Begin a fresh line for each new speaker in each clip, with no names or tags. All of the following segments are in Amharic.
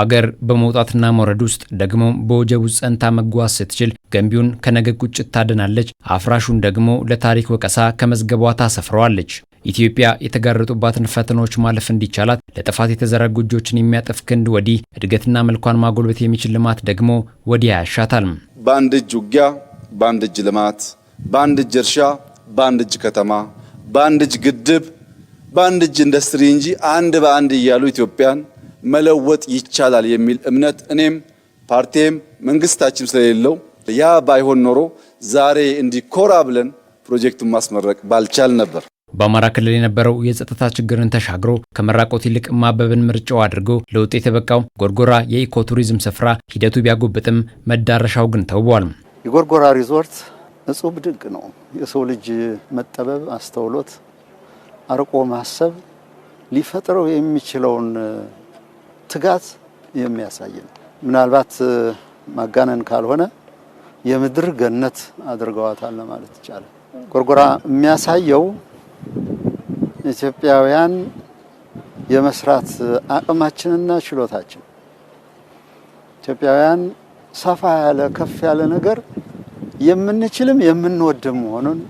ሀገር በመውጣትና መውረድ ውስጥ ደግሞ በወጀቡ ጸንታ መጓዝ ስትችል ገንቢውን ከነገ ቁጭት ታድናለች፣ አፍራሹን ደግሞ ለታሪክ ወቀሳ ከመዝገቧ ታሰፍረዋለች። ኢትዮጵያ የተጋረጡባትን ፈተናዎች ማለፍ እንዲቻላት ለጥፋት የተዘረጉ እጆችን የሚያጠፍ ክንድ ወዲህ፣ እድገትና መልኳን ማጎልበት የሚችል ልማት ደግሞ ወዲህ አያሻታልም።
በአንድ እጅ ውጊያ፣ በአንድ እጅ ልማት፣ በአንድ እጅ እርሻ፣ በአንድ እጅ ከተማ፣ በአንድ እጅ ግድብ፣ በአንድ እጅ ኢንዱስትሪ እንጂ አንድ በአንድ እያሉ ኢትዮጵያን መለወጥ ይቻላል የሚል እምነት እኔም ፓርቲም መንግስታችን ስለሌለው ያ ባይሆን ኖሮ ዛሬ እንዲኮራ ብለን ፕሮጀክቱን ማስመረቅ ባልቻል ነበር።
በአማራ ክልል የነበረው የጸጥታ ችግርን ተሻግሮ ከመራቆት ይልቅ ማበብን ምርጫው አድርጎ ለውጥ የተበቃው ጎርጎራ የኢኮ ቱሪዝም ስፍራ ሂደቱ ቢያጎብጥም መዳረሻው ግን ተውቧል።
የጎርጎራ ሪዞርት እጹብ ድንቅ ነው። የሰው ልጅ መጠበብ፣ አስተውሎት፣ አርቆ ማሰብ ሊፈጥረው የሚችለውን ትጋት የሚያሳይ ነው። ምናልባት ማጋነን ካልሆነ የምድር ገነት አድርገዋታል ለማለት ይቻላል። ጎርጎራ የሚያሳየው ኢትዮጵያውያን የመስራት አቅማችንና ችሎታችን ኢትዮጵያውያን ሰፋ ያለ ከፍ ያለ ነገር የምንችልም የምንወድም መሆኑን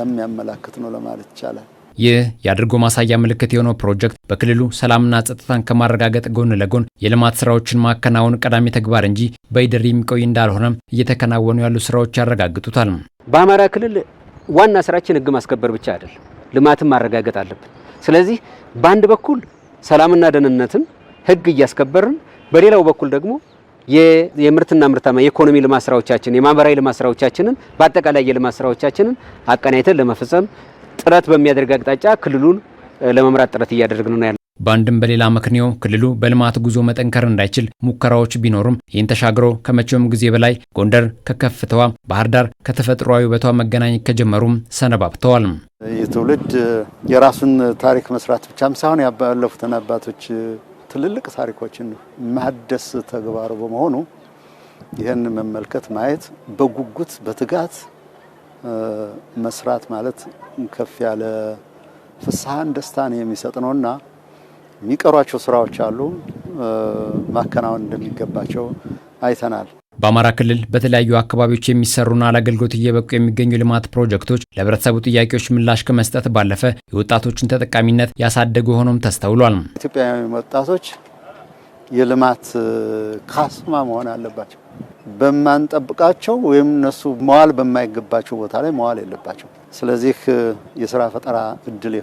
የሚያመላክት ነው ለማለት ይቻላል።
ይህ የአድርጎ ማሳያ ምልክት የሆነው ፕሮጀክት በክልሉ ሰላምና ጸጥታን ከማረጋገጥ ጎን ለጎን የልማት ስራዎችን ማከናወን ቀዳሚ ተግባር እንጂ በይደር የሚቆይ እንዳልሆነም እየተከናወኑ ያሉ ስራዎች ያረጋግጡታል።
በአማራ ክልል ዋና ስራችን ህግ ማስከበር ብቻ አይደለም፣ ልማትን ማረጋገጥ አለብን። ስለዚህ በአንድ በኩል ሰላምና ደህንነትን ህግ እያስከበርን፣ በሌላው በኩል ደግሞ የምርትና ምርታማ የኢኮኖሚ ልማት ስራዎቻችን የማህበራዊ ልማት ስራዎቻችንን በአጠቃላይ የልማት ስራዎቻችንን አቀናይተን ለመፈጸም ጥረት በሚያደርግ አቅጣጫ ክልሉን ለመምራት ጥረት እያደረግን ነው ያለ
በአንድም በሌላ ምክንያው ክልሉ በልማት ጉዞ መጠንከር እንዳይችል ሙከራዎች ቢኖሩም ይህን ተሻግሮ ከመቼውም ጊዜ በላይ ጎንደር ከከፍተዋ ባህር ዳር ከተፈጥሯዊ ውበቷ መገናኘት ከጀመሩም ሰነባብተዋል።
የትውልድ የራሱን ታሪክ መስራት ብቻም ሳይሆን ያባለፉትን አባቶች ትልልቅ ታሪኮችን ማደስ ተግባሩ በመሆኑ ይህን መመልከት፣ ማየት በጉጉት በትጋት መስራት ማለት ከፍ ያለ ፍስሐን ደስታን የሚሰጥ ነውና የሚቀሯቸው ስራዎች አሉ፣ ማከናወን እንደሚገባቸው አይተናል።
በአማራ ክልል በተለያዩ አካባቢዎች የሚሰሩና ለአገልግሎት እየበቁ የሚገኙ ልማት ፕሮጀክቶች ለህብረተሰቡ ጥያቄዎች ምላሽ ከመስጠት ባለፈ የወጣቶችን ተጠቃሚነት ያሳደጉ ሆኖም ተስተውሏል።
ኢትዮጵያውያን ወጣቶች የልማት ካስማ መሆን አለባቸው። በማንጠብቃቸው ወይም እነሱ መዋል በማይገባቸው ቦታ ላይ መዋል የለባቸው። ስለዚህ የስራ ፈጠራ እድል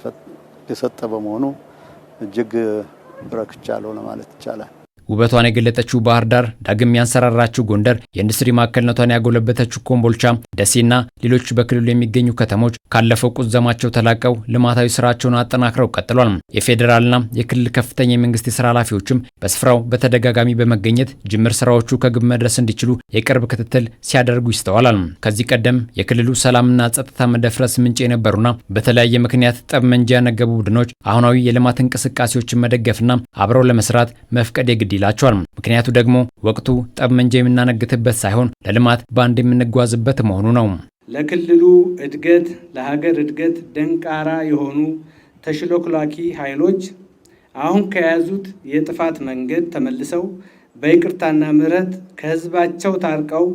የሰጠ በመሆኑ እጅግ ረክቻለሁ ለማለት ይቻላል።
ውበቷን የገለጠችው ባህር ዳር ዳግም ያንሰራራችው ጎንደር፣ የኢንዱስትሪ ማዕከልነቷን ያጎለበተችው ኮምቦልቻ ደሴና ሌሎች በክልሉ የሚገኙ ከተሞች ካለፈው ቁዘማቸው ተላቀው ልማታዊ ስራቸውን አጠናክረው ቀጥሏል። የፌዴራልና የክልል ከፍተኛ የመንግስት የስራ ኃላፊዎችም በስፍራው በተደጋጋሚ በመገኘት ጅምር ስራዎቹ ከግብ መድረስ እንዲችሉ የቅርብ ክትትል ሲያደርጉ ይስተዋላል። ከዚህ ቀደም የክልሉ ሰላምና ጸጥታ መደፍረስ ምንጭ የነበሩና በተለያየ ምክንያት ጠብመንጃ ያነገቡ ቡድኖች አሁናዊ የልማት እንቅስቃሴዎችን መደገፍና አብረው ለመስራት መፍቀድ የግድ ይላቸዋል። ምክንያቱ ደግሞ ወቅቱ ጠብመንጃ የምናነግትበት ሳይሆን ለልማት በአንድ የምንጓዝበት መሆኑ ነው።
ለክልሉ እድገት፣ ለሀገር እድገት ደንቃራ የሆኑ ተሽሎክላኪ ኃይሎች አሁን ከያዙት የጥፋት መንገድ ተመልሰው በይቅርታና ምሕረት ከህዝባቸው ታርቀው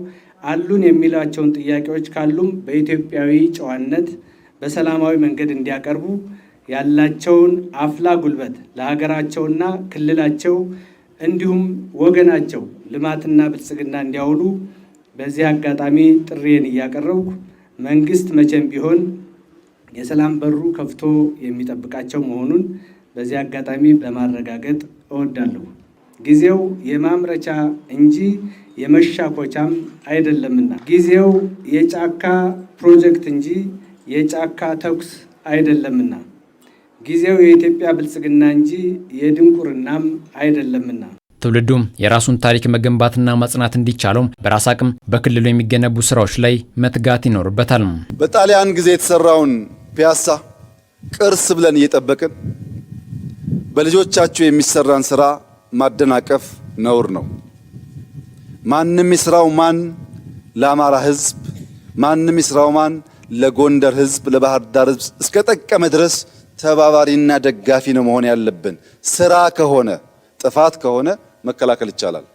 አሉን የሚሏቸውን ጥያቄዎች ካሉም በኢትዮጵያዊ ጨዋነት በሰላማዊ መንገድ እንዲያቀርቡ ያላቸውን አፍላ ጉልበት ለሀገራቸውና ክልላቸው እንዲሁም ወገናቸው ልማትና ብልጽግና እንዲያውሉ በዚህ አጋጣሚ ጥሬን እያቀረብኩ መንግስት መቼም ቢሆን የሰላም በሩ ከፍቶ የሚጠብቃቸው መሆኑን በዚህ አጋጣሚ ለማረጋገጥ እወዳለሁ። ጊዜው የማምረቻ እንጂ የመሻኮቻም አይደለምና፣ ጊዜው የጫካ ፕሮጀክት እንጂ የጫካ ተኩስ አይደለምና፣ ጊዜው የኢትዮጵያ ብልጽግና እንጂ የድንቁርናም አይደለምና
ትውልዱም የራሱን ታሪክ መገንባትና ማጽናት እንዲቻለው በራስ አቅም በክልሉ የሚገነቡ ስራዎች ላይ መትጋት ይኖርበታል።
በጣሊያን ጊዜ የተሰራውን ፒያሳ ቅርስ ብለን እየጠበቅን በልጆቻቸው የሚሰራን ስራ ማደናቀፍ ነውር ነው። ማንም ይስራው ማን ለአማራ ህዝብ፣ ማንም ይስራው ማን ለጎንደር ህዝብ፣ ለባህር ዳር ህዝብ እስከ ጠቀመ ድረስ ተባባሪና ደጋፊ ነው መሆን ያለብን። ስራ ከሆነ ጥፋት ከሆነ መከላከል ይቻላል።